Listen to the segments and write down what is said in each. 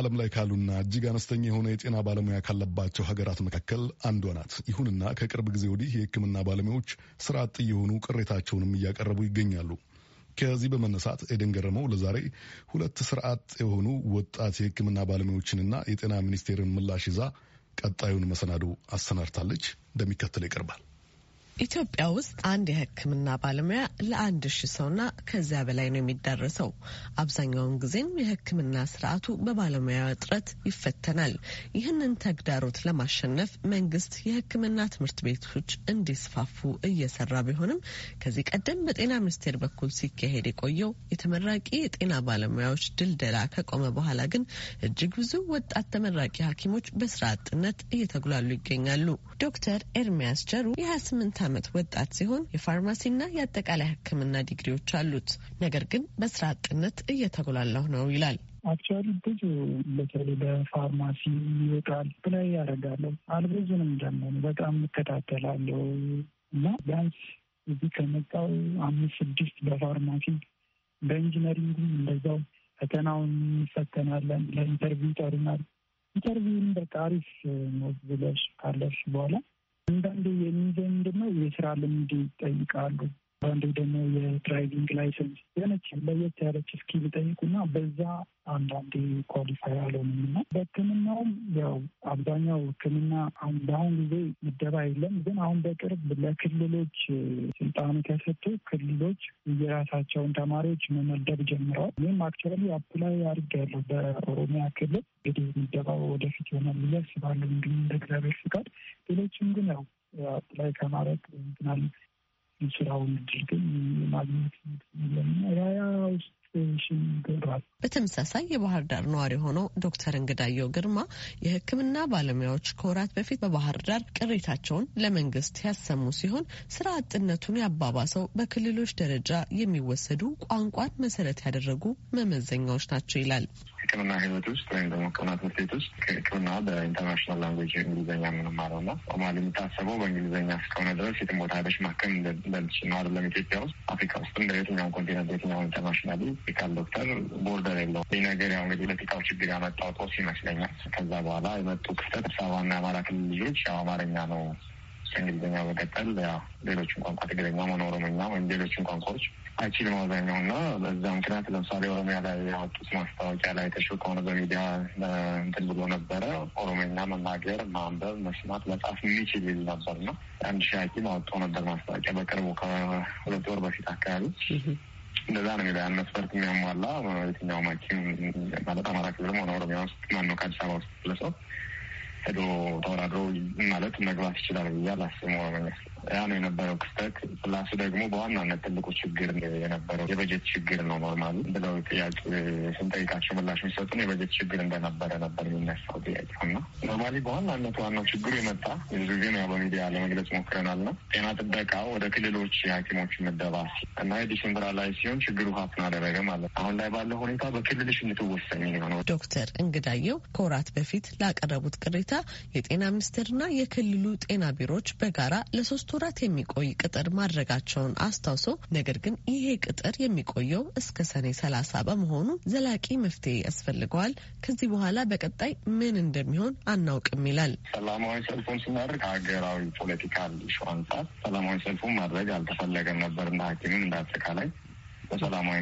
ዓለም ላይ ካሉና እጅግ አነስተኛ የሆነ የጤና ባለሙያ ካለባቸው ሀገራት መካከል አንዷ ናት። ይሁንና ከቅርብ ጊዜ ወዲህ የሕክምና ባለሙያዎች ስራ አጥ የሆኑ ቅሬታቸውንም እያቀረቡ ይገኛሉ። ከዚህ በመነሳት ኤደን ገረመው ለዛሬ ሁለት ስራ አጥ የሆኑ ወጣት የሕክምና ባለሙያዎችንና የጤና ሚኒስቴርን ምላሽ ይዛ ቀጣዩን መሰናዶ አሰናድታለች። እንደሚከተል ይቀርባል። ኢትዮጵያ ውስጥ አንድ የሕክምና ባለሙያ ለአንድ ሺ ሰውና ከዚያ በላይ ነው የሚዳረሰው። አብዛኛውን ጊዜም የሕክምና ስርዓቱ በባለሙያ እጥረት ይፈተናል። ይህንን ተግዳሮት ለማሸነፍ መንግስት የሕክምና ትምህርት ቤቶች እንዲስፋፉ እየሰራ ቢሆንም ከዚህ ቀደም በጤና ሚኒስቴር በኩል ሲካሄድ የቆየው የተመራቂ የጤና ባለሙያዎች ድልደላ ከቆመ በኋላ ግን እጅግ ብዙ ወጣት ተመራቂ ሐኪሞች በስራ አጥነት እየተጉላሉ ይገኛሉ። ዶክተር ኤርሚያስ ጀሩ የ28 ዓመት ወጣት ሲሆን የፋርማሲና የአጠቃላይ ሕክምና ዲግሪዎች አሉት። ነገር ግን በስራ አጥነት እየተጎላላሁ ነው ይላል። አክቹዋሊ ብዙ በተለይ በፋርማሲ ይወጣል ብላይ ያደርጋለሁ። አልብዙንም ደግሞ በጣም እከታተላለሁ እና ቢያንስ እዚህ ከመጣው አምስት ስድስት በፋርማሲ በኢንጂነሪንግ እንደዛው ፈተናውን እንፈተናለን። ለኢንተርቪው ይጠሩናል። ኢንተርቪውን በቃ አሪፍ ነው ብለሽ ካለሽ በኋላ አንዳንዴ የሚገኝ ደግሞ የስራ ልምድ ይጠይቃሉ። አንዱ ደግሞ የድራይቪንግ ላይሰንስ የሆነች ለየት ያለች እስኪል ይጠይቁና በዛ አንዳንዴ ኳሊፋይ አልሆንም እና በህክምናውም ያው አብዛኛው ህክምና አሁን በአሁን ጊዜ ምደባ የለም፣ ግን አሁን በቅርብ ለክልሎች ስልጣኑ ተሰጥቶ ክልሎች የራሳቸውን ተማሪዎች መመደብ ጀምረዋል። ይህም አክቸራሊ አፕላይ አድርጌያለሁ በኦሮሚያ ክልል። እንግዲህ ምደባው ወደፊት ይሆናል ብዬ አስባለሁ እንግዲህ እንደ እግዚአብሔር ፍቃድ። ሌሎችም ግን ያው አፕላይ ከማድረግ ምናምን የስራውን እድል ግን ማግኘት ለምና ያያ ውስጥ በተመሳሳይ የባህር ዳር ነዋሪ የሆነው ዶክተር እንግዳየው ግርማ የሕክምና ባለሙያዎች ከወራት በፊት በባህር ዳር ቅሬታቸውን ለመንግስት ያሰሙ ሲሆን ስራ አጥነቱን ያባባሰው በክልሎች ደረጃ የሚወሰዱ ቋንቋን መሰረት ያደረጉ መመዘኛዎች ናቸው ይላል። ህክምና ህይወት ውስጥ ወይም ደግሞ ሕክምና ትምህርት ቤት ውስጥ ህክምና በኢንተርናሽናል ላንጉዌጅ እንግሊዝኛ የምንማረው ና ሶማሌ የሚታሰበው በእንግሊዝኛ እስከሆነ ድረስ የትም ቦታ ሄደሽ ማከም እንደልች ነው አደለም። ኢትዮጵያ ውስጥ አፍሪካ ውስጥም እንደ የትኛውን ኮንቲነንት የትኛውን ኢንተርናሽናል ፊካል ዶክተር ቦርደር የለውም። ይህ ነገር ያው እንግዲህ ለፊካው ችግር ያመጣው ጦስ ይመስለኛል። ከዛ በኋላ የመጡ ክፍተት አዲስ አበባና የአማራ ክልል ልጆች ያው አማርኛ ነው ከእንግሊዝኛ በቀጠል ሌሎችን ቋንቋ ትግርኛ ሆነ ኦሮምኛ ወይም ሌሎችን ቋንቋዎች አይችልም አብዛኛው እና በዛ ምክንያት ለምሳሌ ኦሮሚያ ላይ ያወጡት ማስታወቂያ ላይ ተሽ ከሆነ በሚዲያ እንትን ብሎ ነበረ ኦሮምኛ መናገር፣ ማንበብ፣ መስማት፣ መጻፍ የሚችል ይል ነበር እና አንድ ሺ ሐኪም አወጣው ነበር ማስታወቂያ በቅርቡ ከሁለት ወር በፊት አካባቢ እንደዛ ነው የሚለው ያን መስፈርት የሚያሟላ የትኛውም ሐኪም ማለት አማራ ክልልም ሆነ ኦሮሚያ ውስጥ ማነው ከአዲስ አበባ ውስጥ ለሰው ሄዶ ተወዳድሮ ማለት መግባት ይችላል ብዬ አላስብም። ኦሮምኛ ያ ነው የነበረው ክስተት። ፕላስ ደግሞ በዋናነት ትልቁ ችግር የነበረው የበጀት ችግር ነው። ኖርማል ብለው ጥያቄ ስንጠይቃቸው ምላሽ የሚሰጡን የበጀት ችግር እንደነበረ ነበር የሚነሳው ጥያቄው እና ኖርማሊ በዋናነት ዋናው ችግሩ የመጣ ብዙ ጊዜ ነው በሚዲያ ለመግለጽ ሞክረናል ነው ጤና ጥበቃ ወደ ክልሎች የሐኪሞች ምደባ እና የዲሴምበር ላይ ሲሆን ችግሩ ሀፍን አደረገ ማለት አሁን ላይ ባለው ሁኔታ በክልልሽ እንድትወሰኝ የሆነው ዶክተር እንግዳየው ከወራት በፊት ላቀረቡት ቅሬታ የጤና ሚኒስቴርና የክልሉ ጤና ቢሮዎች በጋራ ለሶስት ለሶስት ወራት የሚቆይ ቅጥር ማድረጋቸውን አስታውሶ ነገር ግን ይሄ ቅጥር የሚቆየው እስከ ሰኔ ሰላሳ በመሆኑ ዘላቂ መፍትሄ ያስፈልገዋል። ከዚህ በኋላ በቀጣይ ምን እንደሚሆን አናውቅም ይላል። ሰላማዊ ሰልፉን ስናደርግ ሀገራዊ ፖለቲካል ሹ አንጻር ሰላማዊ ሰልፉን ማድረግ አልተፈለገም ነበር እና ሐኪምም እንዳጠቃላይ በሰላማዊ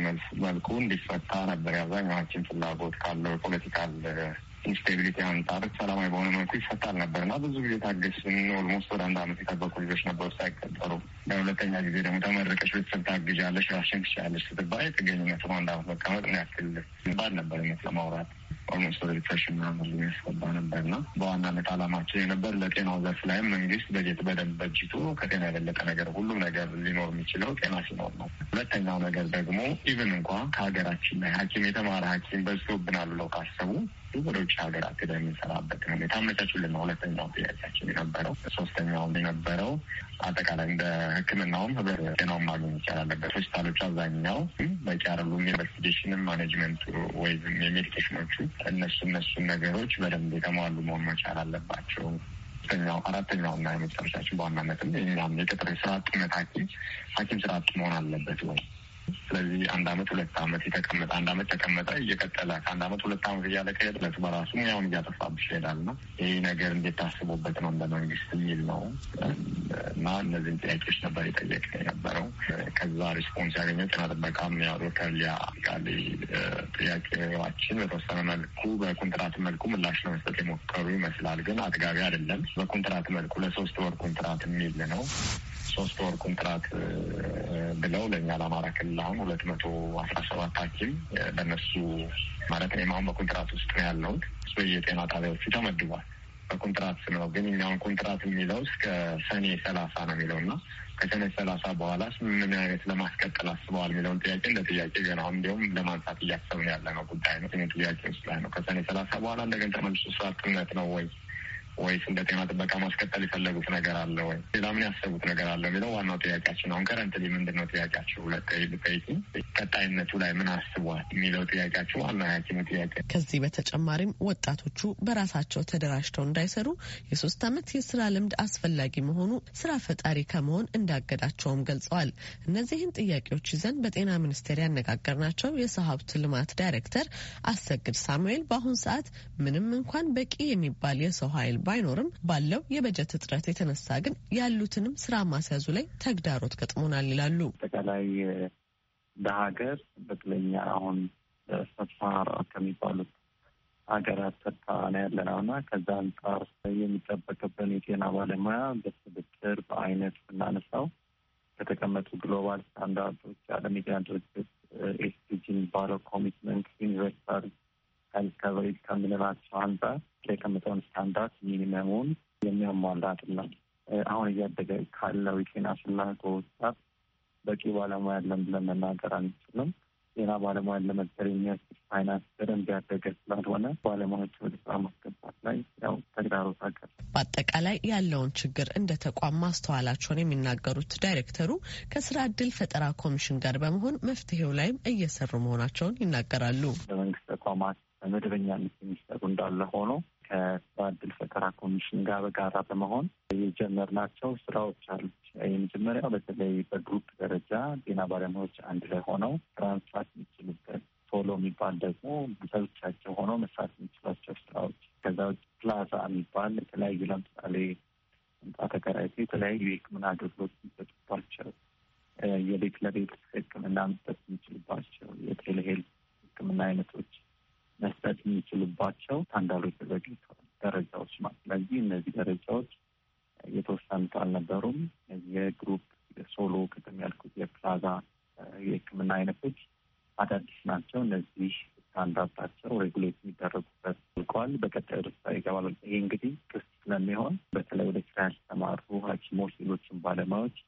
መልኩ እንዲፈታ ነበር የአብዛኛው ፍላጎት ካለው የፖለቲካል ኢንስቴቢሊቲ አንጻር ሰላማዊ በሆነ መልኩ ይፈታል ነበር እና ብዙ ጊዜ ታገስን። ኦልሞስት ወደ አንድ አመት የጠበቁ ልጆች ነበሩ ሳይቀጠሩ። ለሁለተኛ ጊዜ ደግሞ ተመረቀች፣ ቤተሰብ ታግዣለሽ፣ ራሽን ትችያለሽ ስትባይ ጥገኝነት አንድ አመት መቀመጥ ነው ያክል ባድ ነበር ነት ለማውራት ኦልሞስት ወደ ዲፕሬሽን ምናምን የሚያስገባ ነበር እና በዋናነት አላማችን የነበር ለጤናው ዘርፍ ላይም መንግስት በጀት በደንብ በጅቶ ከጤና የበለጠ ነገር ሁሉም ነገር ሊኖር የሚችለው ጤና ሲኖር ነው። ሁለተኛው ነገር ደግሞ ኢቭን እንኳ ከሀገራችን ላይ ሐኪም የተማረ ሐኪም በዝቶብናል ብለው ካሰቡ ወደ ውጭ ሀገራት ሄደን የምንሰራበትን ሁኔታ አመቻቹልን። ሁለተኛው ጥያቄያችን የነበረው ሶስተኛው የነበረው አጠቃላይ በሕክምናውም ህብረ ጤናውን ማግኘት ይቻላለበት ሆስፒታሎች አብዛኛው በቂ አይደሉም። ኢንቨስቲጌሽንም ማኔጅመንቱ ወይም የሜዲኬሽኖቹ እነሱ እነሱን ነገሮች በደንብ የተሟሉ መሆን መቻል አለባቸው። ሶስተኛው አራተኛውና የመጨረሻችን በዋናነትም የኛም የቅጥር ስራ አጥነት ሐኪም ሐኪም ስራ አጥ መሆን አለበት ወይ ስለዚህ አንድ አመት ሁለት አመት የተቀመጠ አንድ አመት ተቀመጠ እየቀጠለ ከአንድ አመት ሁለት አመት እያለ ከሄደ ለሱ በራሱ ሙያውን እያጠፋብሽ ይሄዳል ና ይህ ነገር እንዴት ታስቦበት ነው እንደ መንግስት የሚል ነው እና እነዚህን ጥያቄዎች ነበር የጠየቅ የነበረው። ከዛ ሪስፖንስ ያገኘ ጤና ጥበቃ ያው ዶክተር ሊያ ቃሌ በተወሰነ መልኩ በኮንትራት መልኩ ምላሽ ለመስጠት የሞከሩ ይመስላል። ግን አጥጋቢ አይደለም። በኮንትራት መልኩ ለሶስት ወር ኮንትራት የሚል ነው። ሶስት ወር ኮንትራት ብለው ለእኛ ለአማራ ክልል አሁን ሁለት መቶ አስራ ሰባት ሐኪም በእነሱ ማለት እኔም አሁን በኮንትራት ውስጥ ነው ያለሁት። እሱ የጤና ጣቢያዎቹ ተመድቧል። በኮንትራት ነው ግን እኛውን ኮንትራት የሚለው እስከ ሰኔ ሰላሳ ነው የሚለው እና ከሰኔ ሰላሳ በኋላ ምን አይነት ለማስቀጠል አስበዋል የሚለውን ጥያቄ እንደ ጥያቄ ገና አሁን እንዲሁም ለማንሳት እያሰብን ያለ ነው ጉዳይ ነው። ጥያቄ ውስጥ ላይ ነው። ከሰኔ ሰላሳ በኋላ እንደገን ተመልሶ ስራ አጥነት ነው ወይ ወይስ እንደ ጤና ጥበቃ ማስቀጠል የፈለጉት ነገር አለ ወይ? ሌላ ምን ያሰቡት ነገር አለ የሚለው ዋናው ጥያቄያችን። አሁን ከረንትሊ ምንድን ነው ጥያቄያችሁ? ለጠይቂ ቀጣይነቱ ላይ ምን አስቧል የሚለው ጥያቄያችሁ ዋና ሐኪሙ ጥያቄ። ከዚህ በተጨማሪም ወጣቶቹ በራሳቸው ተደራጅተው እንዳይሰሩ የሶስት ዓመት የስራ ልምድ አስፈላጊ መሆኑ ስራ ፈጣሪ ከመሆን እንዳገዳቸውም ገልጸዋል። እነዚህን ጥያቄዎች ይዘን በጤና ሚኒስቴር ያነጋገርናቸው የሰው ሀብት ልማት ዳይሬክተር አሰግድ ሳሙኤል በአሁኑ ሰዓት ምንም እንኳን በቂ የሚባል የሰው ኃይል ባይኖርም ባለው የበጀት እጥረት የተነሳ ግን ያሉትንም ስራ ማስያዙ ላይ ተግዳሮት ገጥሞናል ይላሉ። አጠቃላይ በሀገር በተለይ አሁን ሰብሳሃራ ከሚባሉት ሀገራት ተርታ ነው ያለነው እና ከዛ አንጻር የሚጠበቅብን የጤና ባለሙያ በስብጥር በአይነት ስናነሳው ከተቀመጡ ግሎባል ስታንዳርዶች የዓለም የጤና ድርጅት ኤስፒጂ የሚባለው ኮሚትመንት ዩኒቨርሳል ከሪከቨሪ ከምንላቸው አንጻር የቀመጠውን ስታንዳርድ ሚኒመሙን የሚያሟላት ነው። አሁን እያደገ ካለው የጤና ፍላጎት ጋር በቂ ባለሙያ ያለን ብለን መናገር አንችልም። ጤና ባለሙያን ለመቅጠር የሚያስችል ፋይናንስ በደንብ ያደገ ስላልሆነ ባለሙያዎች ወደ ስራ ማስገባት ላይ ያው ተግዳሮት አገር በአጠቃላይ ያለውን ችግር እንደ ተቋም ማስተዋላቸውን የሚናገሩት ዳይሬክተሩ ከስራ እድል ፈጠራ ኮሚሽን ጋር በመሆን መፍትሄው ላይም እየሰሩ መሆናቸውን ይናገራሉ። በመንግስት ተቋማት መደበኛነት የሚሰሩ እንዳለ ሆኖ ከስራ ዕድል ፈጠራ ኮሚሽን ጋር በጋራ በመሆን የጀመርናቸው ስራዎች አሉ። የመጀመሪያው በተለይ በግሩፕ ደረጃ ጤና ባለሙያዎች አንድ ላይ ሆነው ትራንስፋት የሚችሉበት ቶሎ የሚባል ደግሞ ብቻቸው ሆኖ መስራት የሚችሏቸው ስራዎች፣ ከዛ ውጭ ፕላዛ የሚባል የተለያዩ ለምሳሌ ህንፃ ተከራይቶ የተለያዩ የህክምና አገልግሎት የሚሰጡባቸው የቤት ለቤት ህክምና መስጠት የሚችሉባቸው የቴሌሄል የምንችልባቸው ታንዳሎች ተዘግኝተዋል፣ ደረጃዎች ማለት ስለዚህ እነዚህ ደረጃዎች የተወሰኑት አልነበሩም። የግሩፕ የሶሎ ቅድም ያልኩት የፕላዛ የህክምና አይነቶች አዳዲስ ናቸው። እነዚህ ስታንዳርዳቸው ሬጉሌት የሚደረጉበት ልቀዋል። በቀጣዩ ደስታ ይገባል። ይሄ እንግዲህ ክስ ስለሚሆን በተለይ ወደ ስራ ያልተማሩ ሐኪሞች ሌሎችን ባለሙያዎች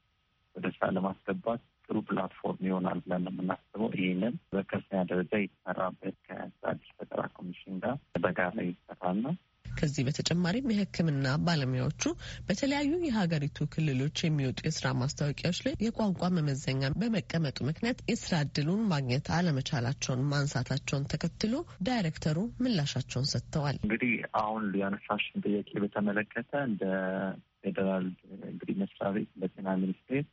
ወደ ስራ ለማስገባት ጥሩ ፕላትፎርም ይሆናል ብለን የምናስበው። ይህንን በከፍተኛ ደረጃ የተሰራበት እና ከዚህ በተጨማሪም የሕክምና ባለሙያዎቹ በተለያዩ የሀገሪቱ ክልሎች የሚወጡ የስራ ማስታወቂያዎች ላይ የቋንቋ መመዘኛ በመቀመጡ ምክንያት የስራ እድሉን ማግኘት አለመቻላቸውን ማንሳታቸውን ተከትሎ ዳይሬክተሩ ምላሻቸውን ሰጥተዋል። እንግዲህ አሁን ያነሳሽን ጥያቄ በተመለከተ እንደ ፌዴራል እንግዲህ መስሪያ ቤት እንደ ጤና ሚኒስቴር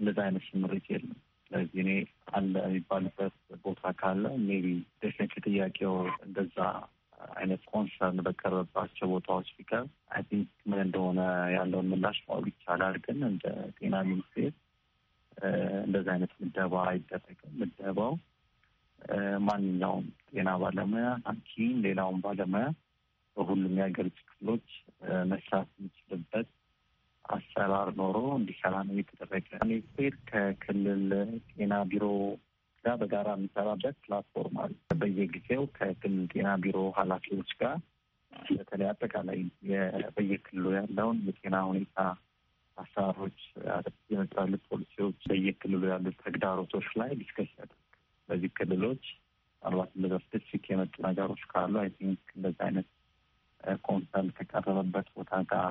እንደዚ አይነት ስምሪት የለም። ስለዚህ እኔ አለ የሚባልበት ቦታ ካለ ሜቢ ዴፍኔት ጥያቄው እንደዛ አይነት ኮንሰርን በቀረበባቸው ቦታዎች ቢቀር አይ ቲንክ ምን እንደሆነ ያለውን ምላሽ ማወቅ ይቻላል። ግን እንደ ጤና ሚኒስቴር እንደዚህ አይነት ምደባ አይደረግም። ምደባው ማንኛውም ጤና ባለሙያ፣ ሐኪም፣ ሌላውን ባለሙያ በሁሉም የሀገሪቱ ክፍሎች መስራት የሚችልበት አሰራር ኖሮ እንዲሰራ ነው የተደረገ። ሚኒስቴር ከክልል ጤና ቢሮ ጋር በጋራ የሚሰራበት ፕላትፎርም አለ። በየጊዜው ከክልል ጤና ቢሮ ኃላፊዎች ጋር በተለይ አጠቃላይ በየክልሉ ያለውን የጤና ሁኔታ አሰራሮች፣ የመጡ ያሉት ፖሊሲዎች፣ በየክልሉ ያሉት ተግዳሮቶች ላይ ዲስከስ ያደርግ በዚህ ክልሎች ምናልባት እንደዛ ስፔሲፊክ የመጡ ነገሮች ካሉ አይ ቲንክ እንደዚህ አይነት ኮንሰርን ከቀረበበት ቦታ ጋር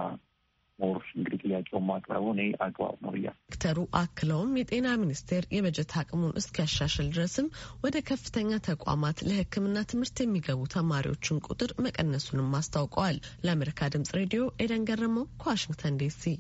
ሞር እንግዲህ ጥያቄውን ማቅረቡ እኔ አግባብ ነው እያ ዶክተሩ አክለውም የጤና ሚኒስቴር የበጀት አቅሙን እስኪያሻሽል ድረስም ወደ ከፍተኛ ተቋማት ለሕክምና ትምህርት የሚገቡ ተማሪዎችን ቁጥር መቀነሱንም አስታውቀዋል። ለአሜሪካ ድምጽ ሬዲዮ ኤደን ገረመው ከዋሽንግተን ዲሲ